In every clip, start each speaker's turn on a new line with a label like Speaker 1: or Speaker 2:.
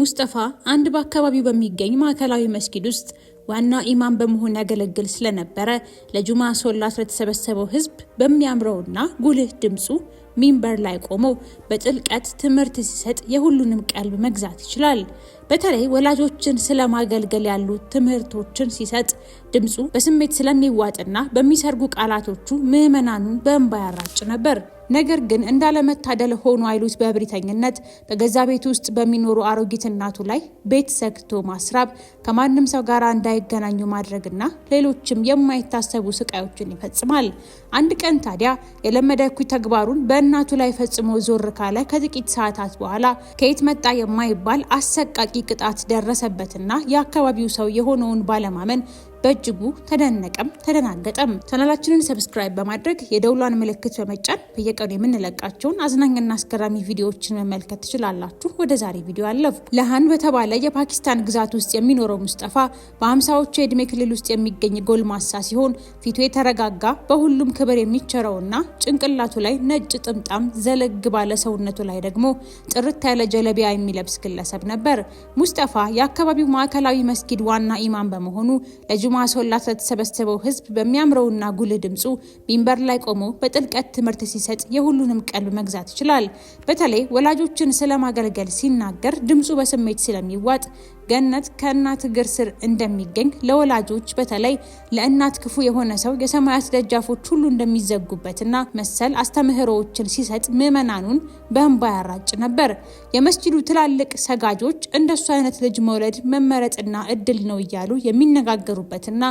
Speaker 1: ሙስጠፋ አንድ በአካባቢው በሚገኝ ማዕከላዊ መስጊድ ውስጥ ዋና ኢማም በመሆን ያገለግል ስለነበረ ለጁማ ሶላት ለተሰበሰበው ህዝብ በሚያምረውና ጉልህ ድምፁ ሚንበር ላይ ቆሞ በጥልቀት ትምህርት ሲሰጥ የሁሉንም ቀልብ መግዛት ይችላል። በተለይ ወላጆችን ስለማገልገል ያሉ ትምህርቶችን ሲሰጥ ድምፁ በስሜት ስለሚዋጥና በሚሰርጉ ቃላቶቹ ምዕመናኑን በእንባ ያራጭ ነበር። ነገር ግን እንዳለመታደል ሆኖ አይሉት በእብሪተኝነት በገዛ ቤት ውስጥ በሚኖሩ አሮጊት እናቱ ላይ ቤት ዘግቶ ማስራብ፣ ከማንም ሰው ጋር እንዳይገናኙ ማድረግና ሌሎችም የማይታሰቡ ስቃዮችን ይፈጽማል። አንድ ቀን ታዲያ የለመደ እኩይ ተግባሩን በእናቱ ላይ ፈጽሞ ዞር ካለ ከጥቂት ሰዓታት በኋላ ከየት መጣ የማይባል አሰቃቂ ቅጣት ደረሰበትና የአካባቢው ሰው የሆነውን ባለማመን በእጅጉ ተደነቀም ተደናገጠም። ቻናላችንን ሰብስክራይብ በማድረግ የደውሏን ምልክት በመጫን በየቀኑ የምንለቃቸውን አዝናኝና አስገራሚ ቪዲዮዎችን መመልከት ትችላላችሁ። ወደ ዛሬ ቪዲዮ አለፉ። ለሃን በተባለ የፓኪስታን ግዛት ውስጥ የሚኖረው ሙስጠፋ በአምሳዎቹ የእድሜ ክልል ውስጥ የሚገኝ ጎልማሳ ሲሆን ፊቱ የተረጋጋ በሁሉም ክብር የሚቸረውና ጭንቅላቱ ላይ ነጭ ጥምጣም ዘለግ ባለ ሰውነቱ ላይ ደግሞ ጥርት ያለ ጀለቢያ የሚለብስ ግለሰብ ነበር። ሙስጠፋ የአካባቢው ማዕከላዊ መስጊድ ዋና ኢማም በመሆኑ በጁማ ሶላት ለተሰበሰበው ህዝብ በሚያምረውና ጉልህ ድምፁ ሚንበር ላይ ቆሞ በጥልቀት ትምህርት ሲሰጥ የሁሉንም ቀልብ መግዛት ይችላል። በተለይ ወላጆችን ስለማገልገል ሲናገር ድምፁ በስሜት ስለሚዋጥ ገነት ከእናት እግር ስር እንደሚገኝ ለወላጆች በተለይ ለእናት ክፉ የሆነ ሰው የሰማያት ደጃፎች ሁሉ እንደሚዘጉበትና መሰል አስተምህሮዎችን ሲሰጥ ምዕመናኑን በእንባ ያራጭ ነበር። የመስጂዱ ትላልቅ ሰጋጆች እንደሱ አይነት ልጅ መውለድ መመረጥና እድል ነው እያሉ የሚነጋገሩበትና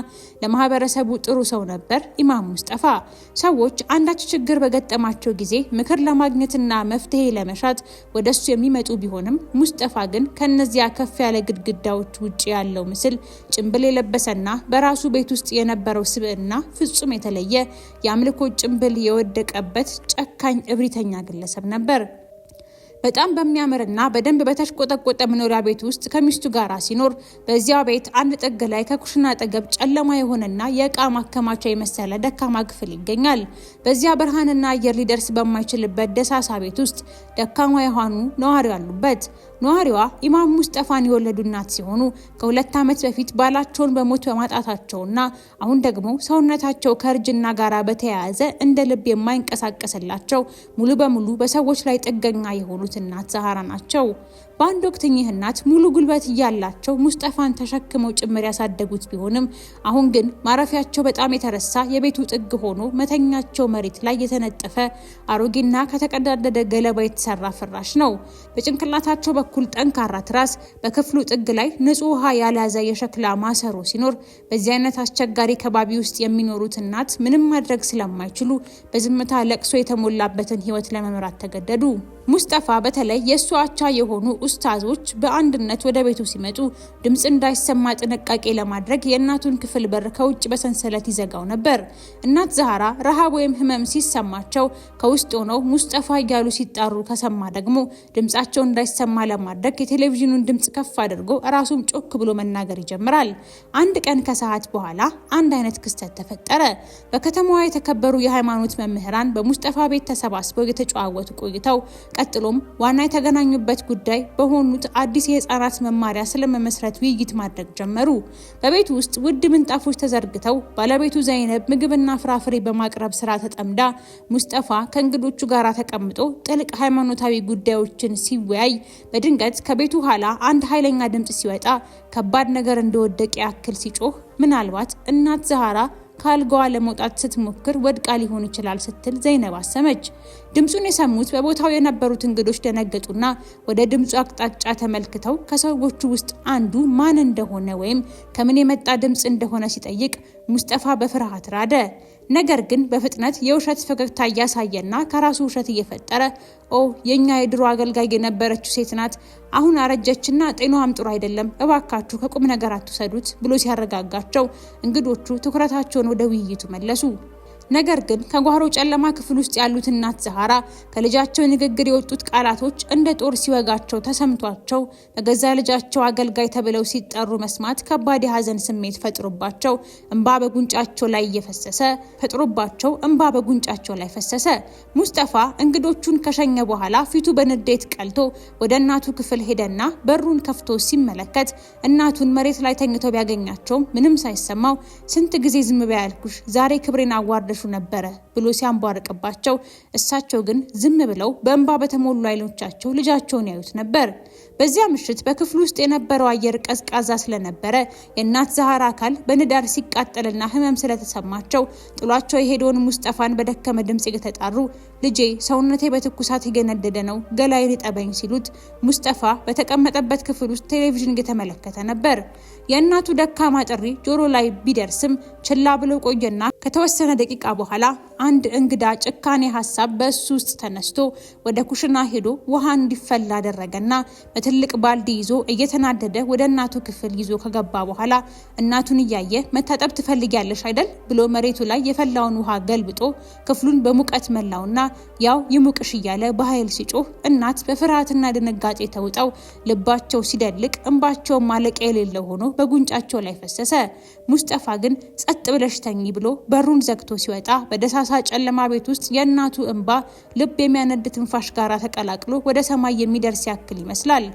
Speaker 1: ለማህበረሰቡ ጥሩ ሰው ነበር ኢማም ሙስጠፋ። ሰዎች አንዳች ችግር በገጠማቸው ጊዜ ምክር ለማግኘትና መፍትሄ ለመሻት ወደሱ የሚመጡ ቢሆንም ሙስጠፋ ግን ከነዚያ ከፍ ያለ ግድ ግድግዳዎች ውጭ ያለው ምስል ጭንብል የለበሰና በራሱ ቤት ውስጥ የነበረው ስብዕና ፍጹም የተለየ የአምልኮ ጭንብል የወደቀበት ጨካኝ እብሪተኛ ግለሰብ ነበር። በጣም በሚያምርና በደንብ በተሽቆጠቆጠ መኖሪያ ቤት ውስጥ ከሚስቱ ጋር ሲኖር በዚያ ቤት አንድ ጥግ ላይ ከኩሽና አጠገብ ጨለማ የሆነና የእቃ ማከማቻ የመሰለ ደካማ ክፍል ይገኛል። በዚያ ብርሃንና አየር ሊደርስ በማይችልበት ደሳሳ ቤት ውስጥ ደካማ የሆኑ ነዋሪ አሉበት። ነዋሪዋ ኢማም ሙስጠፋን የወለዱ እናት ሲሆኑ ከሁለት ዓመት በፊት ባላቸውን በሞት በማጣታቸውና አሁን ደግሞ ሰውነታቸው ከእርጅና ጋር በተያያዘ እንደ ልብ የማይንቀሳቀስላቸው ሙሉ በሙሉ በሰዎች ላይ ጥገኛ የሆኑት እናት ዛሃራ ናቸው። በአንድ ወቅት እኚህ እናት ሙሉ ጉልበት እያላቸው ሙስጠፋን ተሸክመው ጭምር ያሳደጉት ቢሆንም አሁን ግን ማረፊያቸው በጣም የተረሳ የቤቱ ጥግ ሆኖ መተኛቸው መሬት ላይ የተነጠፈ አሮጌና ከተቀዳደደ ገለባ የተሰራ ፍራሽ ነው። በጭንቅላታቸው በኩል ጠንካራ ትራስ፣ በክፍሉ ጥግ ላይ ንጹህ ውሃ ያልያዘ የሸክላ ማሰሮ ሲኖር በዚህ አይነት አስቸጋሪ ከባቢ ውስጥ የሚኖሩት እናት ምንም ማድረግ ስለማይችሉ በዝምታ ለቅሶ የተሞላበትን ህይወት ለመምራት ተገደዱ። ሙስጠፋ በተለይ የእሱ አቻ የሆኑ ኡስታዞች በአንድነት ወደ ቤቱ ሲመጡ ድምፅ እንዳይሰማ ጥንቃቄ ለማድረግ የእናቱን ክፍል በር ከውጭ በሰንሰለት ይዘጋው ነበር። እናት ዛሃራ ረሃብ ወይም ህመም ሲሰማቸው ከውስጥ ሆነው ሙስጠፋ እያሉ ሲጣሩ ከሰማ ደግሞ ድምፃቸው እንዳይሰማ ለማድረግ የቴሌቪዥኑን ድምፅ ከፍ አድርጎ ራሱም ጮክ ብሎ መናገር ይጀምራል። አንድ ቀን ከሰዓት በኋላ አንድ አይነት ክስተት ተፈጠረ። በከተማዋ የተከበሩ የሃይማኖት መምህራን በሙስጠፋ ቤት ተሰባስበው የተጨዋወቱ ቆይተው ቀጥሎም ዋና የተገናኙበት ጉዳይ በሆኑት አዲስ የህፃናት መማሪያ ስለመመስረት ውይይት ማድረግ ጀመሩ። በቤት ውስጥ ውድ ምንጣፎች ተዘርግተው ባለቤቱ ዘይነብ ምግብና ፍራፍሬ በማቅረብ ስራ ተጠምዳ፣ ሙስጠፋ ከእንግዶቹ ጋር ተቀምጦ ጥልቅ ሃይማኖታዊ ጉዳዮችን ሲወያይ በድንገት ከቤቱ ኋላ አንድ ኃይለኛ ድምፅ ሲወጣ ከባድ ነገር እንደወደቀ ያክል ሲጮህ ምናልባት እናት ዛህራ ከአልጋዋ ለመውጣት ስትሞክር ወድቃ ሊሆን ይችላል ስትል ዘይነብ አሰመች። ድምፁን የሰሙት በቦታው የነበሩት እንግዶች ደነገጡና ወደ ድምፁ አቅጣጫ ተመልክተው ከሰዎቹ ውስጥ አንዱ ማን እንደሆነ ወይም ከምን የመጣ ድምፅ እንደሆነ ሲጠይቅ ሙስጠፋ በፍርሃት ራደ። ነገር ግን በፍጥነት የውሸት ፈገግታ እያሳየና ከራሱ ውሸት እየፈጠረ ኦ የእኛ የድሮ አገልጋይ የነበረችው ሴት ናት፣ አሁን አረጀችና ጤናዋም ጥሩ አይደለም፣ እባካችሁ ከቁም ነገር አትውሰዱት ብሎ ሲያረጋጋቸው እንግዶቹ ትኩረታቸውን ወደ ውይይቱ መለሱ። ነገር ግን ከጓሮ ጨለማ ክፍል ውስጥ ያሉት እናት ዛሃራ ከልጃቸው ንግግር የወጡት ቃላቶች እንደ ጦር ሲወጋቸው ተሰምቷቸው በገዛ ልጃቸው አገልጋይ ተብለው ሲጠሩ መስማት ከባድ የሀዘን ስሜት ፈጥሮባቸው እንባ በጉንጫቸው ላይ እየፈሰሰ ፈጥሮባቸው እንባ በጉንጫቸው ላይ ፈሰሰ። ሙስጠፋ እንግዶቹን ከሸኘ በኋላ ፊቱ በንዴት ቀልቶ ወደ እናቱ ክፍል ሄደና በሩን ከፍቶ ሲመለከት እናቱን መሬት ላይ ተኝተው ቢያገኛቸውም ምንም ሳይሰማው ስንት ጊዜ ዝም ዛሬ ክብሬን አዋርደ ሲያበላሹ ነበረ ብሎ ሲያንቧርቅባቸው፣ እሳቸው ግን ዝም ብለው በእንባ በተሞሉ አይኖቻቸው ልጃቸውን ያዩት ነበር። በዚያ ምሽት በክፍሉ ውስጥ የነበረው አየር ቀዝቃዛ ስለነበረ የእናት ዛሃራ አካል በንዳር ሲቃጠልና ህመም ስለተሰማቸው ጥሏቸው የሄደውን ሙስጠፋን በደከመ ድምፅ እየተጣሩ ልጄ ሰውነቴ በትኩሳት የገነደደ ነው፣ ገላይን ጠበኝ ሲሉት ሙስጠፋ በተቀመጠበት ክፍል ውስጥ ቴሌቪዥን እየተመለከተ ነበር። የእናቱ ደካማ ጥሪ ጆሮ ላይ ቢደርስም ችላ ብሎ ቆየና ከተወሰነ ደቂቃ በኋላ አንድ እንግዳ ጭካኔ ሀሳብ በእሱ ውስጥ ተነስቶ ወደ ኩሽና ሄዶ ውሃ እንዲፈላ አደረገና ትልቅ ባልዲ ይዞ እየተናደደ ወደ እናቱ ክፍል ይዞ ከገባ በኋላ እናቱን እያየ መታጠብ ትፈልጊያለሽ አይደል ብሎ መሬቱ ላይ የፈላውን ውሃ ገልብጦ ክፍሉን በሙቀት መላውና ያው ይሙቅሽ እያለ በኃይል ሲጮህ እናት በፍርሃትና ድንጋጤ ተውጠው ልባቸው ሲደልቅ እንባቸው ማለቂያ የሌለው ሆኖ በጉንጫቸው ላይ ፈሰሰ። ሙስጠፋ ግን ጸጥ ብለሽ ብሎ በሩን ዘግቶ ሲወጣ በደሳሳ ጨለማ ቤት ውስጥ የእናቱ እንባ ልብ የሚያነድ ትንፋሽ ጋራ ተቀላቅሎ ወደ ሰማይ የሚደርስ ያክል ይመስላል።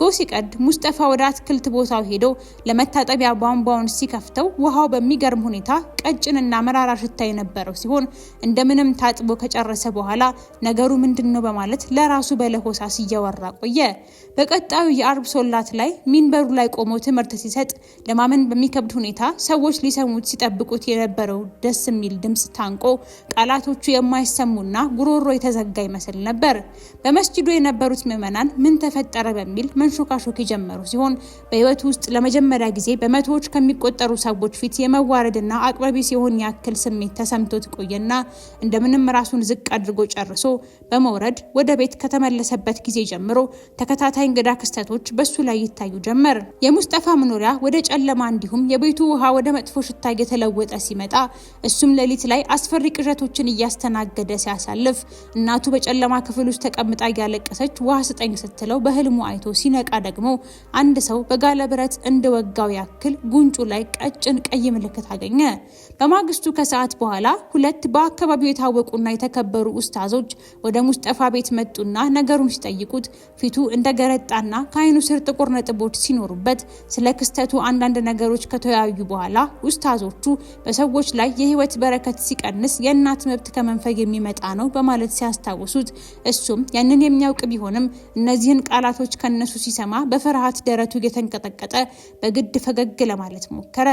Speaker 1: ጎህ ሲቀድ ሙስጠፋ ወደ አትክልት ቦታው ሄዶ ለመታጠቢያ ቧንቧውን ሲከፍተው ውሃው በሚገርም ሁኔታ ቀጭንና መራራ ሽታ የነበረው ሲሆን እንደምንም ታጥቦ ከጨረሰ በኋላ ነገሩ ምንድን ነው በማለት ለራሱ በለሆሳስ እያወራ ቆየ። በቀጣዩ የአርብ ሶላት ላይ ሚንበሩ ላይ ቆሞ ትምህርት ሲሰጥ ለማመን በሚከብድ ሁኔታ ሰዎች ሊሰሙት ሲጠብቁት የነበረው ደስ የሚል ድምፅ ታንቆ ቃላቶቹ የማይሰሙና ጉሮሮ የተዘጋ ይመስል ነበር። በመስጅዱ የነበሩት ምዕመናን ምን ተፈጠረ በሚል መንሾካሾክ የጀመሩ ሲሆን በህይወት ውስጥ ለመጀመሪያ ጊዜ በመቶዎች ከሚቆጠሩ ሰዎች ፊት የመዋረድና አቅባቢ ሲሆን ያክል ስሜት ተሰምቶት ቆየና እንደምንም ራሱን ዝቅ አድርጎ ጨርሶ በመውረድ ወደ ቤት ከተመለሰበት ጊዜ ጀምሮ ተከታታይ እንግዳ ክስተቶች በሱ ላይ ይታዩ ጀመር። የሙስጠፋ መኖሪያ ወደ ጨለማ እንዲሁም የቤቱ ውሃ ወደ መጥፎ ሽታ እየተለወጠ ሲመጣ እሱም ሌሊት ላይ አስፈሪ ቅዠቶችን እያስተናገደ ሲያሳልፍ እናቱ በጨለማ ክፍል ውስጥ ተቀምጣ እያለቀሰች ውሃ ስጠኝ ስትለው በህልሙ አይቶ ሲ ሲነቃ ደግሞ አንድ ሰው በጋለ ብረት እንደወጋው ያክል ጉንጩ ላይ ቀጭን ቀይ ምልክት አገኘ። በማግስቱ ከሰዓት በኋላ ሁለት በአካባቢው የታወቁና የተከበሩ ኡስታዞች ወደ ሙስጠፋ ቤት መጡና ነገሩን ሲጠይቁት ፊቱ እንደገረጣና ከአይኑ ስር ጥቁር ነጥቦች ሲኖሩበት ስለ ክስተቱ አንዳንድ ነገሮች ከተወያዩ በኋላ ኡስታዞቹ በሰዎች ላይ የህይወት በረከት ሲቀንስ የእናት መብት ከመንፈግ የሚመጣ ነው በማለት ሲያስታውሱት እሱም ያንን የሚያውቅ ቢሆንም እነዚህን ቃላቶች ከነሱ ሲሰማ በፍርሃት ደረቱ እየተንቀጠቀጠ በግድ ፈገግ ለማለት ሞከረ።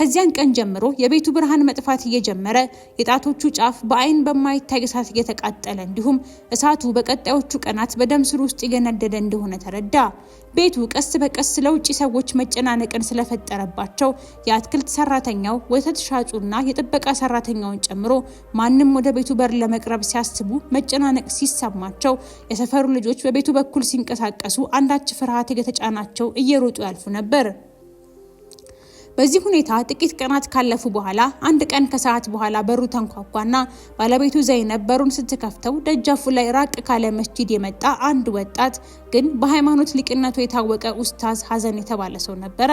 Speaker 1: ከዚያን ቀን ጀምሮ የቤቱ ብርሃን መጥፋት እየጀመረ የጣቶቹ ጫፍ በአይን በማይታይ እሳት እየተቃጠለ እንዲሁም እሳቱ በቀጣዮቹ ቀናት በደም ስር ውስጥ እየነደደ እንደሆነ ተረዳ። ቤቱ ቀስ በቀስ ለውጭ ሰዎች መጨናነቅን ስለፈጠረባቸው የአትክልት ሰራተኛው፣ ወተት ሻጩና የጥበቃ ሰራተኛውን ጨምሮ ማንም ወደ ቤቱ በር ለመቅረብ ሲያስቡ መጨናነቅ ሲሰማቸው የሰፈሩ ልጆች በቤቱ በኩል ሲንቀሳቀሱ አንዳች ፍርሃት እየተጫናቸው እየሮጡ ያልፉ ነበር። በዚህ ሁኔታ ጥቂት ቀናት ካለፉ በኋላ አንድ ቀን ከሰዓት በኋላ በሩ ተንኳኳና ባለቤቱ ዘይነብ በሩን ስትከፍተው ደጃፉ ላይ ራቅ ካለ መስጂድ የመጣ አንድ ወጣት ግን በሃይማኖት ሊቅነቱ የታወቀ ኡስታዝ ሀዘን የተባለ ሰው ነበረ።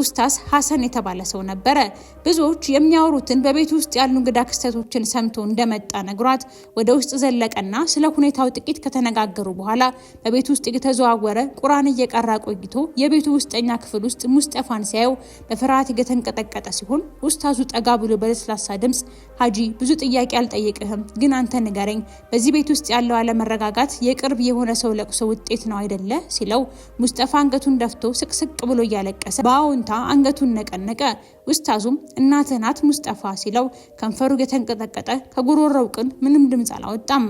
Speaker 1: ኡስታዝ ሀሰን የተባለ ሰው ነበረ። ብዙዎች የሚያወሩትን በቤት ውስጥ ያሉ እንግዳ ክስተቶችን ሰምቶ እንደመጣ ነግሯት ወደ ውስጥ ዘለቀና ስለ ሁኔታው ጥቂት ከተነጋገሩ በኋላ በቤት ውስጥ እየተዘዋወረ ቁርአን እየቀራ ቆይቶ የቤቱ ውስጠኛ ክፍል ውስጥ ሙስጠፋን ሲያየው በፍርሃት እየተንቀጠቀጠ ሲሆን ኡስታዙ ጠጋ ብሎ በለስላሳ ድምፅ ሀጂ ብዙ ጥያቄ አልጠየቅህም፣ ግን አንተ ንገረኝ በዚህ ቤት ውስጥ ያለው አለመረጋጋት የቅርብ የሆነ ሰው ለቅሶ ውጤት ነው አይደለ? ሲለው ሙስጠፋ አንገቱን ደፍቶ ስቅስቅ ብሎ እያለቀሰ በአዎን ሁኔታ አንገቱን ነቀነቀ። ውስታዙም እናትህ ናት ሙስጠፋ ሲለው ከንፈሩ የተንቀጠቀጠ ከጉሮሮው ቅን ምንም ድምፅ አላወጣም።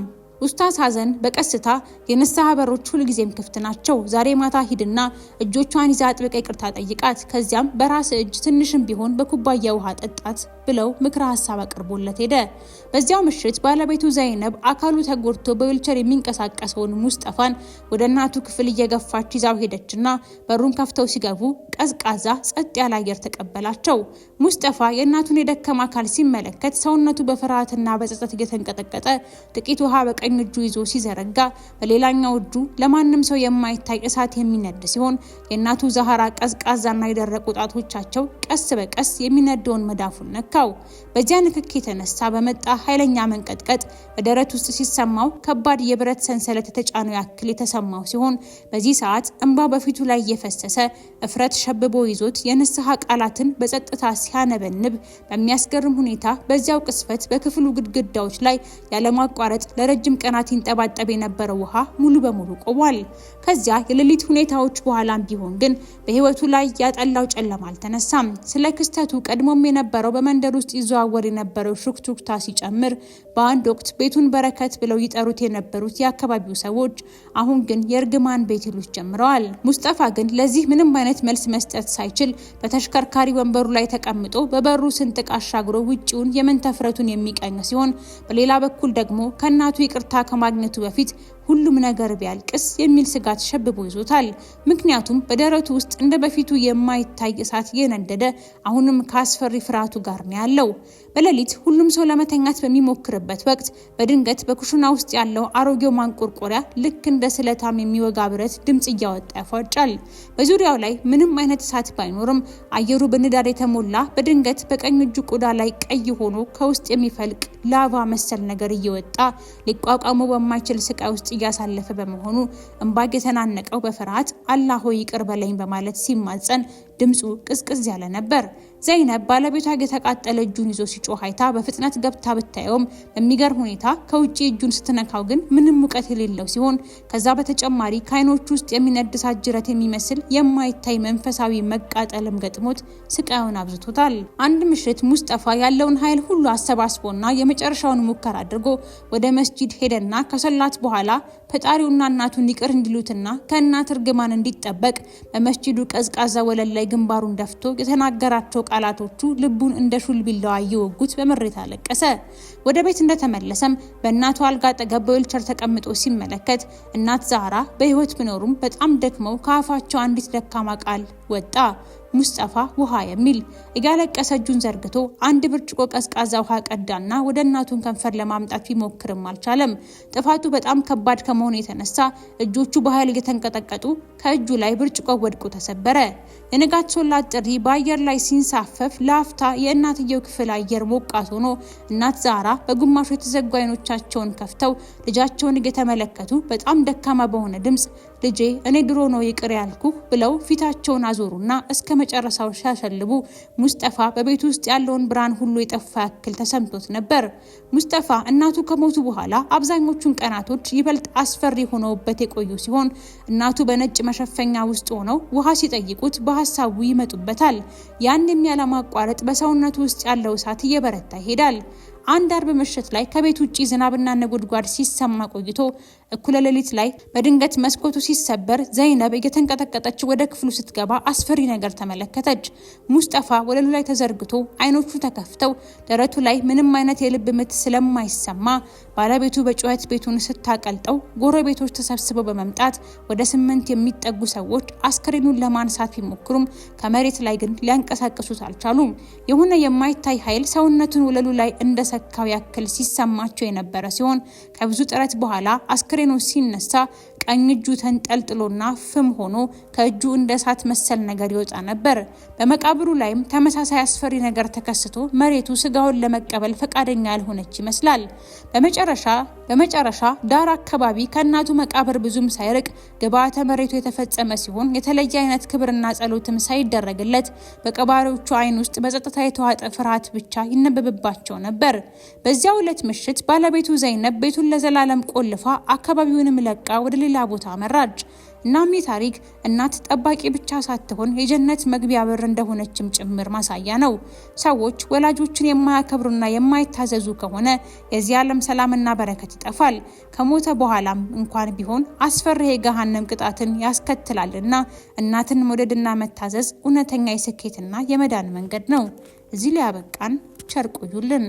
Speaker 1: ኡስታዝ ሀዘን በቀስታ የንስሐ በሮች ሁልጊዜም ክፍት ናቸው። ዛሬ ማታ ሂድና እጆቿን ይዛ አጥብቀ ይቅርታ ጠይቃት። ከዚያም በራስ እጅ ትንሽም ቢሆን በኩባያ ውሃ ጠጣት ብለው ምክረ ሀሳብ አቅርቦለት ሄደ። በዚያው ምሽት ባለቤቱ ዘይነብ አካሉ ተጎድቶ በዊልቸር የሚንቀሳቀሰውን ሙስጠፋን ወደ እናቱ ክፍል እየገፋች ይዛው ሄደችና በሩን ከፍተው ሲገቡ ቀዝቃዛ ጸጥ ያለ አየር ተቀበላቸው። ሙስጠፋ የእናቱን የደከመ አካል ሲመለከት ሰውነቱ በፍርሃትና በጸጸት እየተንቀጠቀጠ ጥቂት ውሃ በቀኝ እጁ ይዞ ሲዘረጋ በሌላኛው እጁ ለማንም ሰው የማይታይ እሳት የሚነድ ሲሆን የእናቱ ዛህራ ቀዝቃዛና የደረቁ ጣቶቻቸው ቀስ በቀስ የሚነደውን መዳፉን ነካ። መታው። በዚያ ንክክ የተነሳ በመጣ ኃይለኛ መንቀጥቀጥ በደረት ውስጥ ሲሰማው ከባድ የብረት ሰንሰለት የተጫነው ያክል የተሰማው ሲሆን በዚህ ሰዓት እንባ በፊቱ ላይ እየፈሰሰ እፍረት ሸብቦ ይዞት የንስሐ ቃላትን በጸጥታ ሲያነበንብ በሚያስገርም ሁኔታ በዚያው ቅስፈት በክፍሉ ግድግዳዎች ላይ ያለማቋረጥ ለረጅም ቀናት ይንጠባጠብ የነበረው ውሃ ሙሉ በሙሉ ቆሟል። ከዚያ የሌሊት ሁኔታዎች በኋላም ቢሆን ግን በህይወቱ ላይ ያጠላው ጨለማ አልተነሳም። ስለ ክስተቱ ቀድሞም የነበረው በመንደ በመንደር ውስጥ ይዘዋወር የነበረው ሹክሹክታ ሲጨምር በአንድ ወቅት ቤቱን በረከት ብለው ይጠሩት የነበሩት የአካባቢው ሰዎች አሁን ግን የእርግማን ቤት ይሉት ጀምረዋል። ሙስጠፋ ግን ለዚህ ምንም አይነት መልስ መስጠት ሳይችል በተሽከርካሪ ወንበሩ ላይ ተቀምጦ በበሩ ስንጥቅ አሻግሮ ውጭውን የመንተፍረቱን የሚቀኝ ሲሆን፣ በሌላ በኩል ደግሞ ከእናቱ ይቅርታ ከማግኘቱ በፊት ሁሉም ነገር ቢያልቅስ የሚል ስጋት ሸብቦ ይዞታል። ምክንያቱም በደረቱ ውስጥ እንደ በፊቱ የማይታይ እሳት እየነደደ አሁንም ከአስፈሪ ፍርሃቱ ጋር ነው ያለው። በሌሊት ሁሉም ሰው ለመተኛት በሚሞክርበት ወቅት በድንገት በኩሽና ውስጥ ያለው አሮጌው ማንቆርቆሪያ ልክ እንደ ስለታም የሚወጋ ብረት ድምፅ እያወጣ ያፏጫል። በዙሪያው ላይ ምንም አይነት እሳት ባይኖርም አየሩ በንዳድ የተሞላ በድንገት በቀኝ እጁ ቆዳ ላይ ቀይ ሆኖ ከውስጥ የሚፈልቅ ላቫ መሰል ነገር እየወጣ ሊቋቋሙ በማይችል ስቃይ ውስጥ እያሳለፈ በመሆኑ እንባ የተናነቀው በፍርሃት አላሆ ይቅር በለኝ በማለት ሲማጸን ድምፁ ቅዝቅዝ ያለ ነበር። ዘይነብ ባለቤቷ የተቃጠለ እጁን ይዞ ሲጮህ አይታ በፍጥነት ገብታ ብታየውም በሚገርም ሁኔታ ከውጭ እጁን ስትነካው ግን ምንም ሙቀት የሌለው ሲሆን ከዛ በተጨማሪ ከአይኖቹ ውስጥ የሚነድሳት ጅረት የሚመስል የማይታይ መንፈሳዊ መቃጠልም ገጥሞት ስቃዩን አብዝቶታል። አንድ ምሽት ሙስጠፋ ያለውን ኃይል ሁሉ አሰባስቦና የመጨረሻውን ሙከራ አድርጎ ወደ መስጂድ ሄደና ከሰላት በኋላ ፈጣሪውና እናቱን ይቅር እንዲሉትና ከእናት እርግማን እንዲጠበቅ በመስጂዱ ቀዝቃዛ ወለል ላይ ግንባሩን ደፍቶ የተናገራቸው ቃላቶቹ ልቡን እንደ ሹል ቢላዋ እየወጉት በምሬት አለቀሰ። ወደ ቤት እንደተመለሰም በእናቱ አልጋ አጠገብ በዊልቸር ተቀምጦ ሲመለከት እናት ዛራ በህይወት ቢኖሩም በጣም ደክመው ከአፋቸው አንዲት ደካማ ቃል ወጣ። ሙስጠፋ ውሃ የሚል እያለቀሰ እጁን ዘርግቶ አንድ ብርጭቆ ቀዝቃዛ ውሃ ቀዳና ወደ እናቱን ከንፈር ለማምጣት ቢሞክርም አልቻለም። ጥፋቱ በጣም ከባድ ከመሆኑ የተነሳ እጆቹ በኃይል እየተንቀጠቀጡ ከእጁ ላይ ብርጭቆ ወድቆ ተሰበረ። የንጋት ሶላት ጥሪ በአየር ላይ ሲንሳፈፍ ለአፍታ የእናትየው ክፍል አየር ሞቃት ሆኖ እናት ዛራ በግማሹ የተዘጉ አይኖቻቸውን ከፍተው ልጃቸውን እየተመለከቱ በጣም ደካማ በሆነ ድምፅ ልጄ እኔ ድሮ ነው ይቅር ያልኩ ብለው ፊታቸውን አዞሩና እስከ መጨረሻው ሲያሸልቡ ሙስጠፋ በቤት ውስጥ ያለውን ብርሃን ሁሉ የጠፋ ያክል ተሰምቶት ነበር። ሙስጠፋ እናቱ ከሞቱ በኋላ አብዛኞቹን ቀናቶች ይበልጥ አስፈሪ ሆነውበት የቆዩ ሲሆን እናቱ በነጭ መሸፈኛ ውስጥ ሆነው ውሃ ሲጠይቁት በሀሳቡ ይመጡበታል። ያን የሚያለማቋረጥ በሰውነቱ ውስጥ ያለው እሳት እየበረታ ይሄዳል። አንድ አርብ ምሽት ላይ ከቤት ውጭ ዝናብና ነጎድጓድ ሲሰማ ቆይቶ እኩለ ሌሊት ላይ በድንገት መስኮቱ ሲሰበር ዘይነብ እየተንቀጠቀጠች ወደ ክፍሉ ስትገባ አስፈሪ ነገር ተመለከተች። ሙስጠፋ ወለሉ ላይ ተዘርግቶ አይኖቹ ተከፍተው ደረቱ ላይ ምንም አይነት የልብ ምት ስለማይሰማ ባለቤቱ በጩኸት ቤቱን ስታቀልጠው ጎረቤቶች ተሰብስበው በመምጣት ወደ ስምንት የሚጠጉ ሰዎች አስክሬኑን ለማንሳት ቢሞክሩም ከመሬት ላይ ግን ሊያንቀሳቅሱት አልቻሉም። የሆነ የማይታይ ኃይል ሰውነቱን ወለሉ ላይ እንደሰካው ያክል ሲሰማቸው የነበረ ሲሆን ከብዙ ጥረት በኋላ አስክሬኑ ሲነሳ ቀኝ እጁ ተንጠልጥሎና ፍም ሆኖ ከእጁ እንደ እሳት መሰል ነገር ይወጣ ነበር። በመቃብሩ ላይም ተመሳሳይ አስፈሪ ነገር ተከስቶ መሬቱ ስጋውን ለመቀበል ፈቃደኛ ያልሆነች ይመስላል። በመጨረሻ በመጨረሻ ዳር አካባቢ ከእናቱ መቃብር ብዙም ሳይርቅ ግብዓተ መሬቱ የተፈጸመ ሲሆን የተለየ አይነት ክብርና ጸሎትም ሳይደረግለት በቀባሪዎቹ አይን ውስጥ በጸጥታ የተዋጠ ፍርሃት ብቻ ይነበብባቸው ነበር። በዚያው ዕለት ምሽት ባለቤቱ ዘይነብ ቤቱን ለዘላለም ቆልፋ አካባቢውንም ለቃ ወደ ሌላ ሌላ ቦታ መራች። እናም ታሪክ እናት ጠባቂ ብቻ ሳትሆን የጀነት መግቢያ በር እንደሆነችም ጭምር ማሳያ ነው። ሰዎች ወላጆችን የማያከብሩና የማይታዘዙ ከሆነ የዚህ ዓለም ሰላምና በረከት ይጠፋል። ከሞተ በኋላም እንኳን ቢሆን አስፈሪ የገሃነም ቅጣትን ያስከትላልና እናትን መውደድና መታዘዝ እውነተኛ የስኬትና የመዳን መንገድ ነው። እዚህ ላይ ያበቃን። ቸር ቆዩልን።